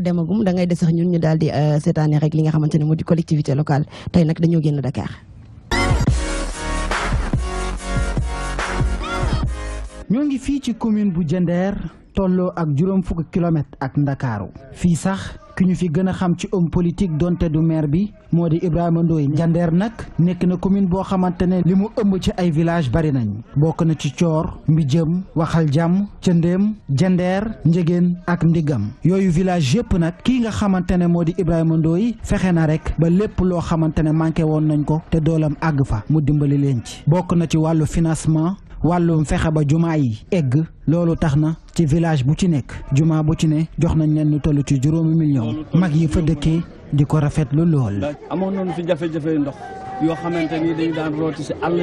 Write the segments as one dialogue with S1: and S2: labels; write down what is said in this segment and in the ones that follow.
S1: demagum da ngay des sax ñun ñu daal di euh, seetaane rek li nga xamante ne moo di collectivité locale tey nag dañoo génn Dakar.
S2: ñoo ngi fii ci commune bu Diender. tolloo ak juróom fukki kilomètre ak ndakaaru fii sax ki ñu fi gën a xam ci homme politique donte du maire bi moo di Ibrahima Ndoye Njandeer nag nekk na commune boo xamante ne li mu ëmb ci ay village bari nañ bokk na ci Coor Mbijëm Waxal Jàmm Cëndéem Jandeer Njëgéen ak Ndigam yooyu village yëpp nag kii nga xamante ne moo di Ibrahima Ndoye fexe na rek ba lépp loo xamante ne manqué woon nañ ko te doolam àgg fa mu dimbali leen ci bokk na ci wàllu financement wàllum fexe ba jumaa yi egg loolu tax na ci village bu ci nekk jumaa bu ci ne jox nañ leen lu toll ci juróomi million mag yi fa dëkkee di ko rafet rafetlu lool. amoon nañu fi jafe-jafe ndox yoo xamante ni dañu daan rooti si àll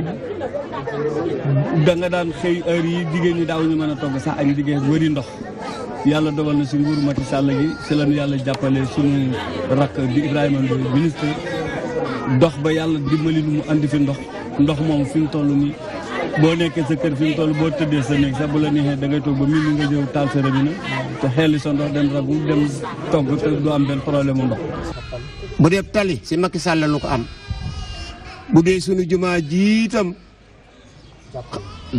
S2: bi da nga daan xëy heure yi jigéen ñi daaw ñu mën a togg sax ak jigéen wëri ndox. yàlla dogal na si nguuru Macky Sall gi si lañu yàlla jàppale suñu rakk di Ibrahima Ndoye ministre dox ba yàlla dimbali nu mu andi fi ndox ndox moom fi mu bo nekkee sa kër fi mu toll boo tëddee sa nek sa bu la neexee da ngay toog ba nga jëw tal sa rabina te xeeli sa ndox dem rabu dem
S3: togg te du am ben problème ndox bu dee tali ci Macky Sall nu ko am bu dee sunu juma jiitam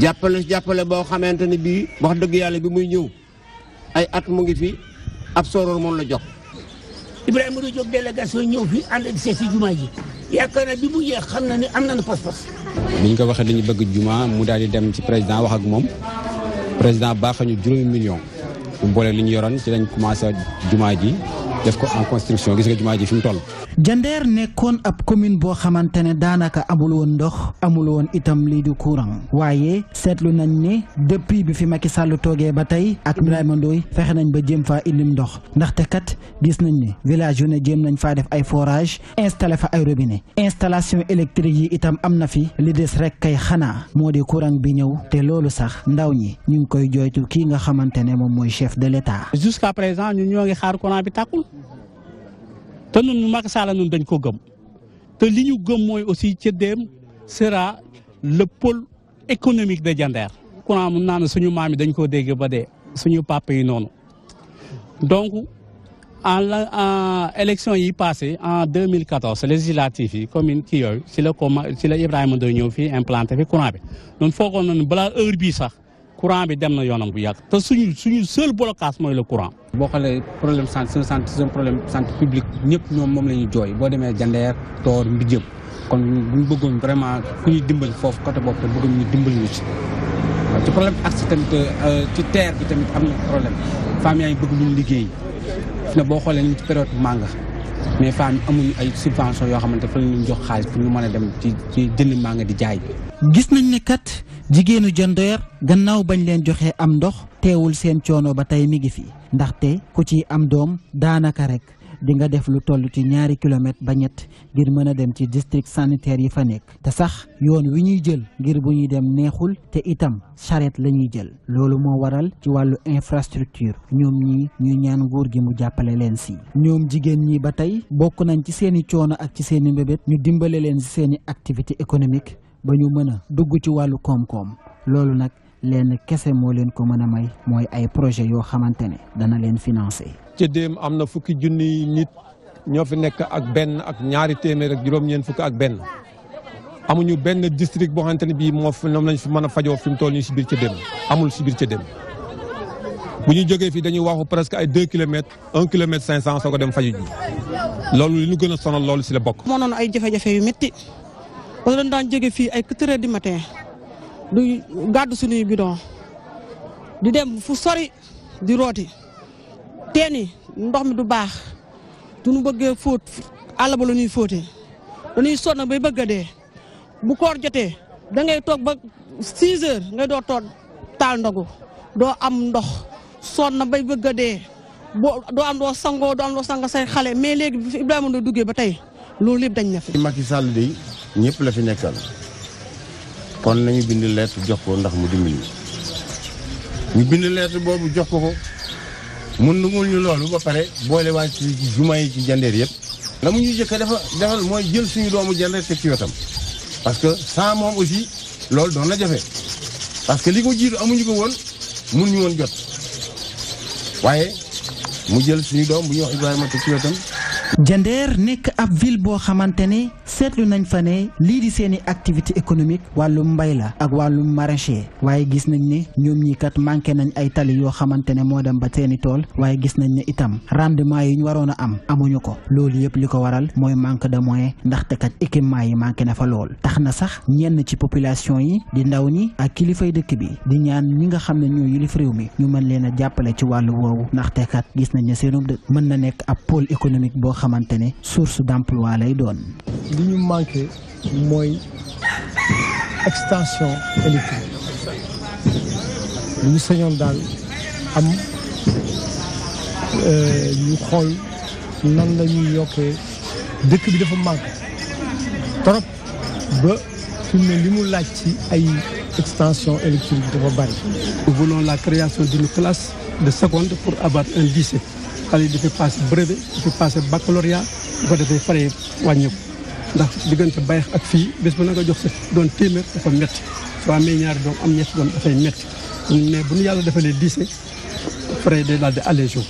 S3: jàppale jàppale boo xamante ne bii wax dëgg yalla bi muy ñëw ay at mu ngi fi ab soror moom la
S2: jox Ibrahima du jóg délégation ñëw fi ànd ak seet si jumaa ji yaakaar naa bi mu
S1: xam na ni am nañu pas-pas.
S2: bi ñu ko waxee dañu bëgg jumaa mu daal di dem ci président wax ak moom président baax baaxañu juróomi million bu boole li ñu yoroon ci lañ commencé jumaa ji. def ko en construction gis Jandeer nekkoon ab commune boo xamante ne daanaka amul woon ndox amul woon itam lii di courant waaye seetlu nañ ne depuis bi fi makki sàll toogee ba tey ak Ibrahima Ndoye fexe nañ ba jëm fa indim ndox ndaxte kat gis nañ ni village yu ne jéem nañ faa def ay forage installé fa ay robine installation électrique yi itam am na fi li des rek kay xanaa moo di courant bi ñëw te loolu sax ndaw ñi ñu ngi koy jooytu kii nga xamante ne moom mooy chef de l'État. jusqu'à te nun Macky Sall nun dañ ko gëm te li gëm mooy
S3: aussi Thiédéem sera le pôle économique de Diender courant mun naa ne suñu maam yi dañ koo dégg ba dee suñu papa yi donc en la en élection yi passé en 2014 législative yi commune kii yooyu si la ko si la Ibrahima doy ñëw fii implanté fi courant bi noonu foogoon nañu balaa heure bii sax courant bi dem na yoonam bu yàgg te suñu suñu seul blocage mooy le courant. boo xoolee problème santé suñu santé suñu problème santé publique ñëpp ñoom moom la ñu jooy boo demee Jandeer Toor Mbijëm kon
S2: bu ñu bëggoon vraiment fu ñu dimbal foofu côté boobu te bëgguñ ñu dimbali ñu ci. waaw ci problème accès tamit euh, ci terre bi tamit am na problème femmes yaa ngi bëgg luñ liggéey fi na boo xoolee ñu ci période mànga. mais femmes amuñu ay subvention yoo xamante fa la ñuy jox xaalis pour ñu mën a dem ci ci jënd maa nga di jaay. gis nañ ne kat jigéenu Jondeer gannaaw bañ leen joxee am ndox teewul seen coono ba tey mi ngi fi ndaxte ku ci am doom daanaka rek. di nga def lu toll ci ñaari kilomètre ba ñett ngir mën a dem ci district sanitaire yi fa nekk te sax yoon wi ñuy jël ngir bu ñuy dem neexul te itam charrette la ñuy jël loolu moo waral ci wàllu infrastructure ñoom ñi ñu ñaan nguur gi mu jàppale leen si ñoom jigéen ñi ba tey bokk nañ ci seeni coono ak ci seeni mbébét ñu dimbale leen si seeni activité économique ba ñu mën a dugg ci wàllu koom-koom loolu nag leen kese moo leen ko mën a may mooy ay projet yoo xamante ne dana leen financé.
S3: ca déem am na fukki junniy nit ñoo fi nekk ak benn ak ñaari téeméer ak juróom-ñeent fukk ak benn amuñu benn district boo xamante ne bii moo fi ñoom lañ fi mën a fajoo fi mu toll nii si biir ca déem amul si biir ca déem bu ñu jógee fi dañuy waxu presque ay deux kilomètres un kilomètre cinq cent soo dem faju ji loolu li ñu gën a sonal loolu si la bokk.
S2: moo noonu ay jafe-jafe yu métti wala daan jóge du gàddu suñuy bidon di dem fu sori di rooti teen ndox mi du baax du ñu bëggee fóot àll ba la ñuy fóotee dañuy sonn bay bëgg a dee bu koor jotee dangay toog ba 6 heures ngay doo toog taal ndogu doo am ndox na bay bëgg a dee boo doo am doo sangoo doo am doo sang say xale mais léegi bi fi Ibrahima doo duggee ba tey loolu lépp dañ na fi. Macky Sall de
S3: ñëpp la fi nekkal. kon nañu bind lettre jox ko ndax mu dimbali ñu bind lettre boobu jox ko ko mun nungul ñu loolu ba pare boole waa ci jumaa yi ci jandeer yëpp la mu ñu jëkk dafa defal mooy jël suñu doomu jandeer teg ci wetam parce que sans moom aussi loolu doon na jafe parce que li ko jiitu amuñu ko woon mun ñu woon jot waaye mu jël suñu doom bu ñu wax
S1: Ibrahima teg ci wetam
S2: Jandeer nekk ab ville boo xamante ne seetlu nañ fa ne lii di seen i activité économique wàllum mbay la ak wàllum maraîcher waaye gis nañ ne ñoom ñi kat manqué nañ ay tali yoo xamante ne moo dem ba seen tool waaye gis nañ ne itam rendement yi ñu waroon a am amuñu ko loolu yëpp li ko waral mooy manque de moyen ndaxte kat équipement yi manqué na fa lool tax na sax ñenn ci population yi di ndaw ñi ak kilifay dëkk bi di ñaan ñi nga xam ne ñoo yilif réew mi ñu mën leen jàppale ci wàllu woowu ndaxte kat mën na nekk ab pôle économique xamante source d'emploi lay doon. li manque manqué mooy extension électrique
S1: lu
S3: ñu sañoon daal am euh, ñu xool nan la ñuy yokkee dëkk bi dafa manqué trop ba fi mu ne ci ay extension électrique dafa bari. nous voulons la création d'une classe de seconde pour abattre un lycée xale yi dafay paase brevet dafay paase baccalauréat bu ko defee fare wàññeeku ndax diggante bayax ak fii bés bu na nga jox sa doon téeméer dafa metti soo amee ñaari doom am ñetti doom dafay metti mais bu ñu yàlla defalee lycée fare day daal di allégé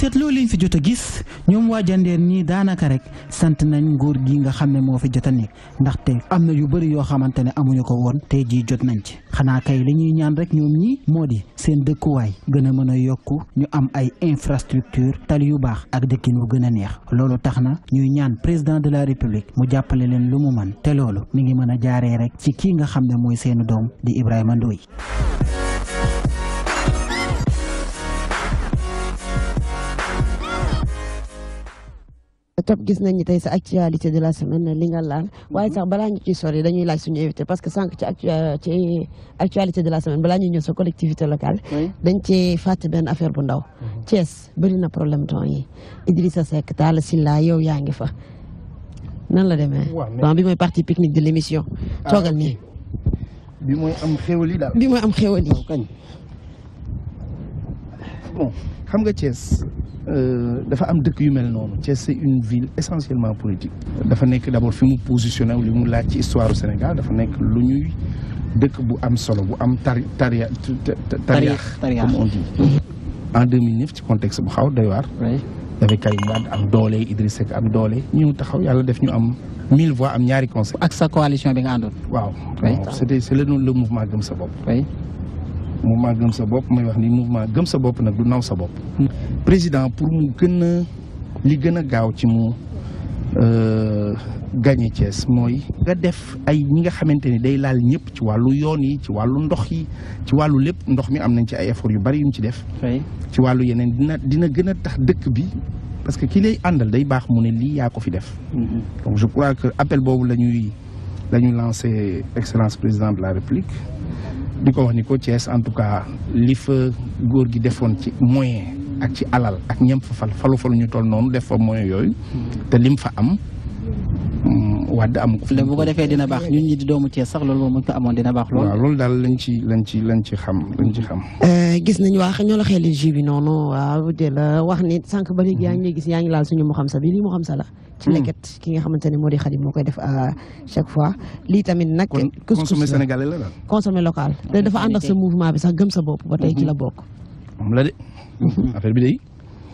S2: seetloo liñ fi jot a gis ñoom waa Jandeer nii daanaka rek sant nañ nguur gi nga xam ne moo fi jot a nekk ndaxte am na yu bëri yoo xamante ne amuñu ko woon tey jii jot nañ ci xanaa kay li ñuy ñaan rek ñoom ñi moo di seen dëkkuwaay gën a mën a yokku ñu am ay infrastructure tali yu baax ak dëkkin wu gën a neex loolu tax na ñuy ñaan président de la république mu jàppale leen lu mu man te loolu mi ngi mën a jaaree rek ci kii nga xam ne mooy seenu doom di Ibrahima Ndoye
S1: top gis nañ ni tay sa actualité de la semaine li nga laal mhm. waaye sax balaa ñu ciy sori dañuy laaj suñu invité parce que sànq ci ci actualité de la semaine balaa ñu ñëw sa collectivité locale dañ ci fàtte benn affaire bu ndaw mhm. Thiès bëri na problème temps yi Idrissa Seck Talla Sylla yow yaa ngi fa nan la demee bon bi mooy partie pique-nique de l'émission ah, toogal nii
S3: bi mooy am xéwal yi daal bi mooy am xéwal yi bon xam nga Thiès euh, dafa am dëkk yu mel noonu c'est une ville essentiellement politique dafa nekk d'abord fi mu positionné wu li mu laaj ci histoire u Sénégal dafa nekk lu ñuy dëkk bu am solo bu am tari taria tariax comme on dit mhm. en 2009 ci contexte bu xaw doy waar avec kay Wade am doole Idriss Seck am doole ñëw taxaw yalla def ñu am 1000 voix am ñaari conseil ak sa
S2: coalition bi nga àndoon
S3: waaw c'était c'est le le mouvement gëm sa bop mouvement gëm sa bop may wax ni mouvement gëm sa bop nak du naw sa bop président pour mu gëna li gëna a gaaw ci mu euh, gagné ties moy ga def ay ñi nga xamanteni day laal ñepp ci walu yoon yi ci walu ndox yi ci walu lepp ndox mi am nañ ci ay effort yu bari yu ci def. ci walu yeneen dina dina gëna tax dëkk bi parce que ki lay andal day bax mu ne li ya ko fi def. Mm-hmm. donc je crois que appel bobu lañuy lañuy lancer excellence président de la république diko wax ni ko ties en tout cas li fa góor gi defone ci moyen. ak ci alal ak ñem fa fal falu falu ñu toll noonu def fa moyen yooyu te lim fa am mm, wadd am ko bu ko defee dina baax ñun
S2: ñi di doomu Thiès sax loolu moom ko amoon dina baax lool
S3: waaw loolu daal lañ ci lañ ci lañ ci xam lañ ci xam
S1: euh, gis nañu waax ñoo la xeeli ji bi noonu waaw la wax ni sànq ba léegi yaa ngi gis yaa ngi laal suñu mu xam sa bi lii mu xam sa la ci hmm. leket ki nga xamante ne moo di xadim moo koy def à chaque fois lii tamit nag consommer sénégalais la daal consommer local te dafa ànd ak sa mouvement bi sax gëm sa bopp ba te ci la hmm. bokk
S3: affaire bi day.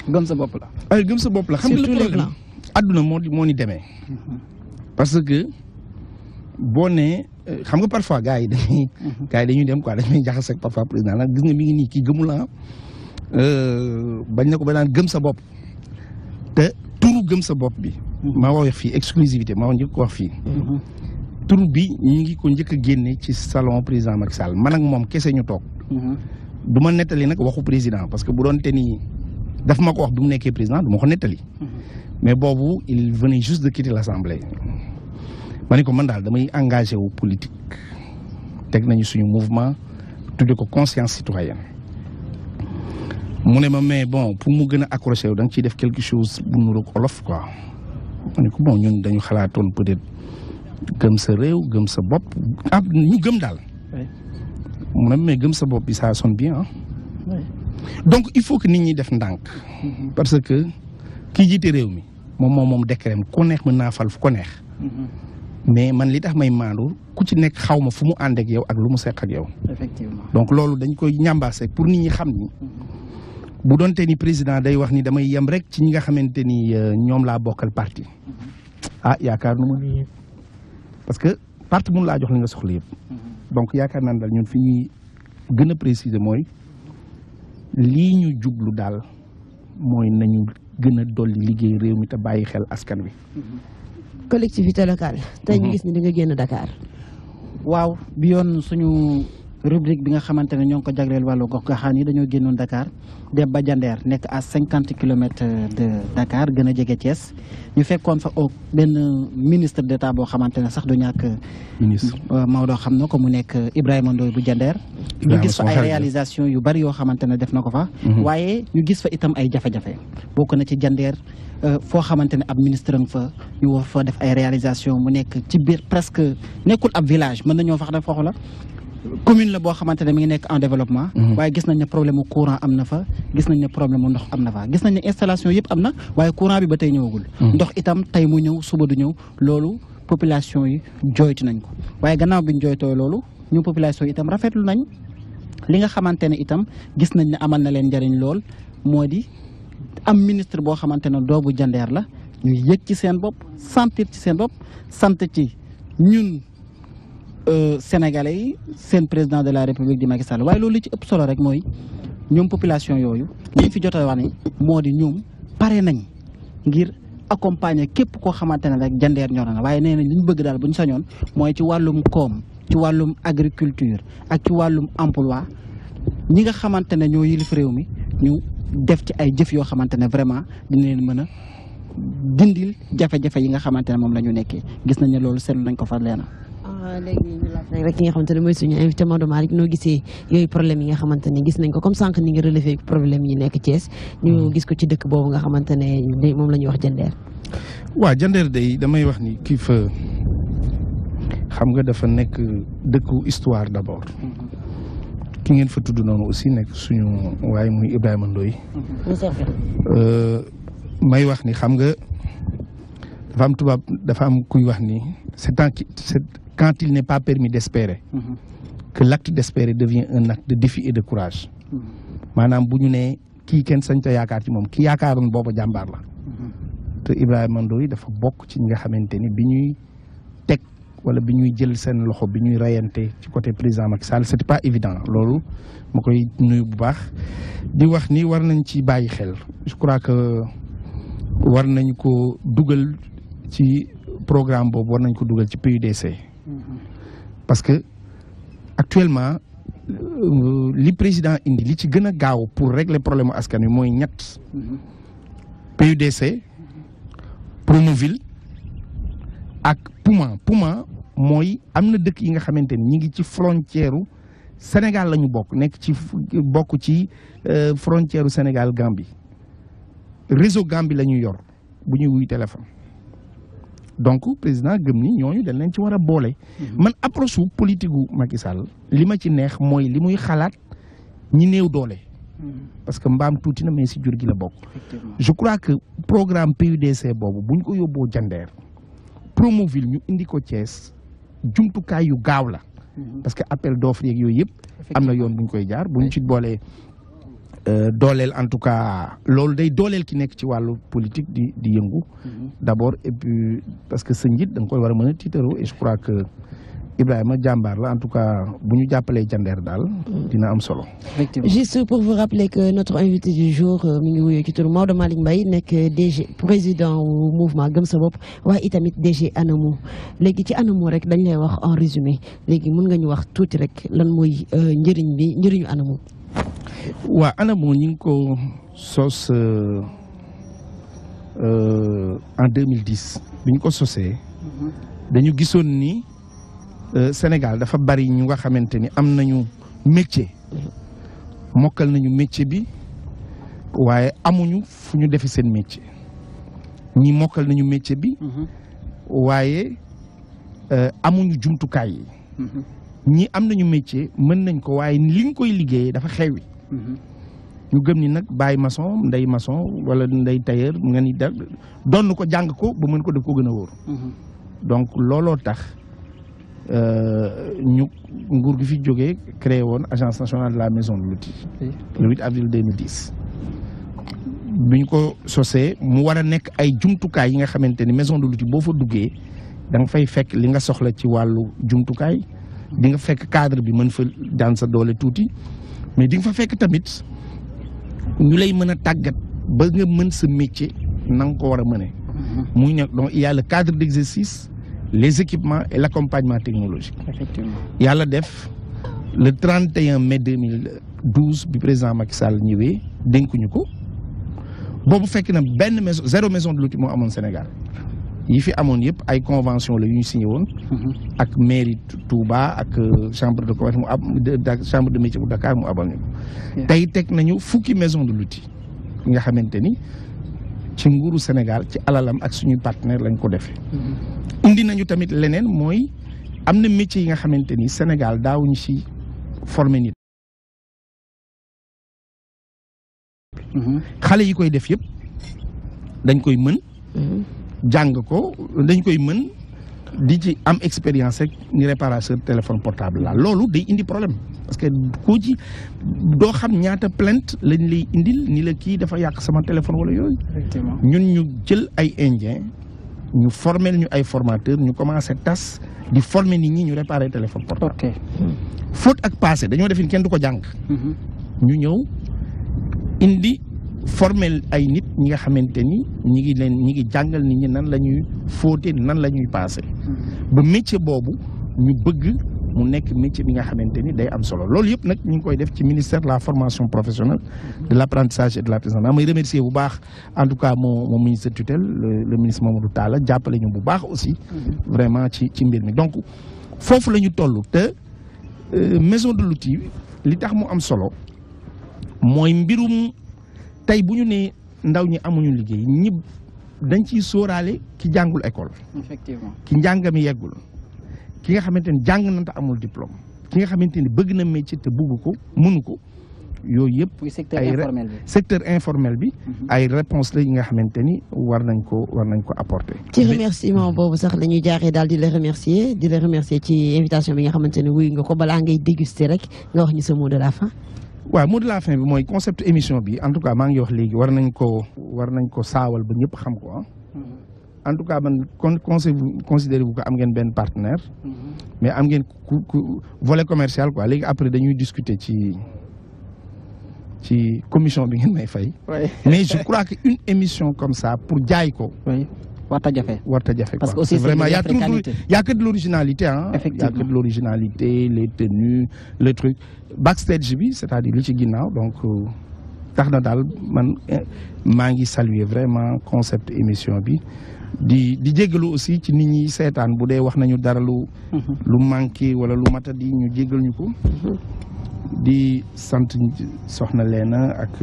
S3: gëm sa bopp la. ay sa bopp la xam nga le problème adduna moo ni demee. parce que boo nee euh, xam nga parfois gars yi dañuy. Mhm. gars yi dañuy dem quoi dañuy jaxase ak parfois président nag gis nga mi ngi nii kii gëmul ah. Euh, bañ na ko ba naan gëm sa bopp te turu gëm sa bopp bi. Mhm. ma wax fii exclusivité maa njëkk wax fii. Mhm. tur bi ñu ngi ko njëkk a génne ci salon président ma Sall man ak moom kese ñu toog. du ma nettali nag waxu président parce que bu doon te ni daf ma ko wax bi mu président du ma ko nettali. Mhm. mais boobu il venait juste de quitter l'Assemblée. assemblée. ma ne man daal damay engagé wu politique teg nañu suñu mouvement tudde ko conscience citoyenne. mu ne mais bon pour mu gën a accroché wu da nga def quelque chose bu nuroog olof quoi. ma ne ko bon ñun dañu xalaatoon peut-être gëm sa réew gëm sa bopp ah, ñu gëm daal. mu ne mais gëm sa bopp bi ça sonne bien donc il faut que nit ñi def ndànk. Mm-hmm. parce que ki jiite réew mi moom moom moom décret ku neex mën naafal fu ko neex.
S2: Mm-hmm.
S3: mais man li tax may maandu ku ci nekk xaw ma fu mu ànd ak yow ak lu mu seq ak yow. donc loolu dañ koy ñambaase pour nit ñi xam ni. Mm-hmm. bu doonte ni président day wax ni damay yem rek ci ñi nga xamante ni euh, ñoom laa bokkal parti. ah yaakaar nu ma parce que parti mun laa jox li nga soxla yëpp. donc yaakaar naan daal ñun fi ñuy gën a préciser mooy lii ñu jublu daal mooy nañu gën a dolli
S2: liggéey réew mi te bàyyi xel askan wi.
S1: Mm-hmm. collectivité locale. te ñu mm-hmm. gis ni da nga génn Dakar.
S2: waaw bi suñu rubrique bi nga xamantene ne ko jagleel walu gox goxaan yi dañoo génnoon Dakar dem ba Jandeer nekk à cinquante kilomètres de Dakar gëna a jege Thiès ñu fekkoon fa au ben ministre d'état bo xamantene sax du ñak ministre euh, Maodo xam na ko mu nek Ibrahima ndoy bu jander ñu gis fa ay réalisation yu bari yo xamantene def nako fa. Mhm. waaye ñu gis fa itam ay jafé jafé bokk na ci jander euh, fo xamantene ab ministre fa ñu war fa def ay réalisation mu nek ci bir presque nekul ab village mën nañoo wax ne foofu la commune la boo xamante ne mi ngi nekk en développement. Mhm. waaye gis nañ ne problème mu courant am na fa gis nañ ne problème ndox am na fa gis nañ ne installation yëpp am na waaye courant bi ba tey ñëwagul. Mhm. ndox itam tey mu ñëw suba du ñëw loolu population yi jooytu nañ ko waaye gannaaw bi ñu jooytoo loolu ñu population yi itam rafetlu nañ li nga xamante ne itam gis nañ ne amal na leen njëriñ lool moo di am ministre boo xamante ne doobu jandeer la ñu Euh, Sénégalais yi seen président de la république di Macky Sall waaye loolu ci ëpp solo rek mooy ñoom population yooyu liñ fi jot a moo di ñoom pare nañ ngir accompagner képp koo xamante ne rek jandeer ñor na waaye nee nañ li ñu bëgg daal bu ñu sañoon mooy ci wàllum koom ci wàllum agriculture ak ci wàllum emplois ñi nga xamante ne ñoo yilif réew mi ñu def ci ay jëf yoo xamante ne vraiment dina leen mën a
S1: dindil jafe-jafe yi nga xamante ne moom la ñu nekkee gis nañ ne loolu seetlu nañ ko fa leena léegi ñu laaj rek rek ki nga xamante mooy suñu invité Maodo Malick noo gisee yooyu problème yi nga xamante ne gis nañ ko comme sànq ni nga relevé problème yi nekk Thiès ñu hmm. gis ko ci dëkk boobu nga xamante ne moom la ñuy wax Jandeer.
S3: waa Jandeer day damay wax ni kii fa xam nga dafa nekk dëkku histoire d'abord hmm. ki ngeen fa tudd noonu aussi nekk suñu waaye muy Ibrahima Ndoye
S1: hmm.
S3: euh, may wax ni xam nga dafa am tubaab dafa am kuy wax ni c'est tant quand il n'est pas permis d'espérer, mm -hmm. que l'acte d'espérer devient un acte de défi et de courage. Manam mhm. bu ñu nee ken sante yakar ta yaakaar ci moom ki bobo booba jàmbaar la. Mhm. te Ibrahim Ndoye dafa bokk ci ñi nga xamante ni tek, wala bi ñuy jël seen loxo bi ñuy ci côté président Macky Sall c'était pas évident Lolo, ma koy nuyu bu baax di wax ni war nañ ci baye xel je crois que war nañ ko dougal ci programme boobu war nañ ko dougal ci PUDC parce que actuellement euh, le président indi li ci pour régler problème askan qu'il mooy ñett PUDC Promoville et Pouma. Pouma, mooy am na dëkk yi nga qui ni ñi ngi ci frontière Sénégal la ñu bokk nekk ci ci euh, frontière Sénégal Gambie réseau Gambie la ñu a bu ñuy téléphone donc président gëm ni ñooñu dañ leen ci war a mhm. man approche su politique gu Macky Sall li ma ci neex mooy li muy ñi néew doole. Mhm. parce que mbam tuuti na mais ci jur gi la bokk. je crois que programme PUDC bobu buñ ñu ko yóbboo Jandeer Promoville ñu indi ko Thiès kay yu gaaw la. Mhm. parce que appel d'offre yeeg yoy yeb amna yoon buñ koy jaar buñ ci bolé euh, dolel en tout cas loolu day dooleel ki nek ci walu politique di di yeungu mhm. d'abord, et puis parce que c'est une idée, nga koy wara a et je crois que Ibrahima Jambar, en tout cas bu ñu jàppalee Dal, mhm. dina am solo. juste
S1: pour vous rappeler que notre invité du jour euh, mi ngi wuyoo ci Malick Mbaye DG président du mouvement Gamsabop, sa bopp DG Anamou. léegi ci ANAMO rek dañ en résumé léegi mun nga ñu wax tuuti rek lan euh,
S3: waa ANAMO ñu ngi ko sos euh, euh, en 2010 bi ñu ko sosee mhm. dañu gisoon ni euh, senegal dafa bari ñu nga xamante ni am nañu métier mokkal nañu métier bi waaye amuñu fu ñu defe seen métier ñi mokkal nañu métier bi mhm. waaye amuñu jumtukaay yi mhm. ñi am nañu métier mën nañ ko waaye li nga koy liggéeyee dafa xewi ñu gëm ni nak baye maçon nday maçon wala nday tailleur nga ni da donu ko jang ko bu mën ko def ko gëna wor mhm. donc lolo tax euh, ñu nguur gi fi joggé créé won agence nationale de la maison de l'outil le 8 avril 2010 buñ ko sossé mu wara nek ay jumtukaay yi nga xamanteni ni maison de l'outil bo fa duggé da nga fay fekk li nga soxla ci wàllu jumtukaay di nga fekk cadre bi mën fa dans sa doole tuuti mais il faut métier mhm. il y a le cadre d'exercice les équipements et l'accompagnement technologique la def le 31 mai 2012 le président Macky Sall a maison zéro maison de l'outil au Sénégal yi fi amoon yëpp ay convention la yu ñu signé woon. Mm-hmm. ak mairie Touba ak euh, chambre de commerce mu ab chambre de métier bu Dakar mu abal ñu tey teg nañu fukki maison de l'outil nga xamante ni ci nguuru Sénégal ci alalam ak suñuy partenaire lañu ko defee.
S2: Mm-hmm.
S3: indi nañu tamit leneen mooy am na métier yi nga xamante ni Sénégal daawuñu si former nit. Mm-hmm. xale yi koy def yëpp dañ koy mën. jang ko dañ koy mën di ci am expérience rek ni réparateur téléphone portable la loolu day indi problème parce que ko ci do xam ñaata plainte lañ lay indil ni la ki dafa yak sama téléphone wala yooyu ñun ñu jël ay indien ñu formel ñu ay formateur ñu commencé tass di former nit ñi ñu réparer téléphone portable faute ak passé dañoo defin kenn duko ko mm-hmm. ñu ñew indi formel ay nit ñi nga xamanteni ni ñi ngi leen ñi ngi jangal nit ñi nan la ñuy nan la passer paase mm-hmm. ba métier bobu ñu bëgg mu nekk métier bi nga xamanteni day am solo lool yëpp nak ñu koy def ci ministère de la formation professionnelle mm-hmm. de l'apprentissage et de l'artisanat. may remercier bu baax en tout cas mon mon ministre tutelle le ministre Mamadou Tala jappalé ñu bu baax aussi mm-hmm. vraiment ci ci mbir mi donc fofu lañu tollu te euh, maison de l'outil li tax mu am solo moy mbirum tey bu ñu nee ndaw ñi amuñu liggéey ñi dañ ciy sooraale ki jàngul école. effectivement ki njàngami yeggul ki nga xamante ni jàng na te amul diplôme ki nga xamante ni bëgg na métier te bugg ko mënu ko yooyu yëpp. ay secteur informel bi. Mhm. ay réponse la yi nga xamante ni war nañ ko war nañ ko apporter. ci
S1: remerciement boobu sax lañu ñuy daal di la remercier di la remercier ci invitation bi nga xamante ne wuy nga ko balaa ngay déguster rek nga wax ñu sa mot de la fin.
S3: Ouais, mot de la fin bi concept émission bi en tout cas maa ngi wax war nañ ko war nañ ko saawal ba ñëpp xam ko ah.
S1: mm-hmm.
S3: en tout cas man con considéré bu ko am ngeen ben partenaire. Mm-hmm. mais am ngeen volet commercial quoi légui après dañuy discuter ci ci commission bi ngeen may fay. mais je crois que une émission comme ça pour jaay ko warta jafe warta jafe parce que vraiment il y a toujours il y a que de l'originalité hein il y a que de l'originalité les tenues le truc backstage bi c'est-à-dire li ci donc euh, tax na man eh, mangi saluer vraiment concept émission bi di di jéggalu aussi ci nit ñi sétane bu dé wax nañu daralu lu mhm. manki wala lu di ñu jéggal ñuko mhm. di sante soxna Leena ak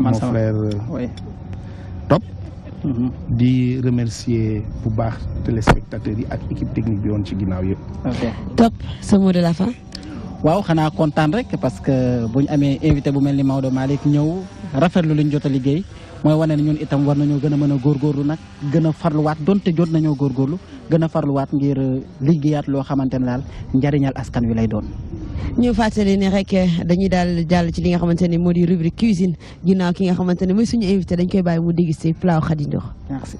S3: mon frère di remercier bu baax téléspectateurs yi ak équipe technique bi woon ci ginnaaw yëpp.
S1: top sa mot de la fin.
S2: waaw xanaa kontaan rek parce que buñ ñu amee invité bu mel ni Maodo Malick ñëw rafetlu li ñu jot liggéey. mooy wane ne ñun itam war nañoo gën a mën a góorgóorlu nag gën a farluwaat donte jot nañoo góorgóorlu gën a farluwaat ngir euh, liggéeyaat loo xamante ne daal njariñal askan wi lay doon.
S1: ñu fàttali ne rek euh, dañuy daal jàll ci li nga xamante ne moo di rubrique cuisine ginnaaw ki nga xamante ne mooy suñu invité dañ koy bàyyi mu dégusté plat Khady Ndiour merci.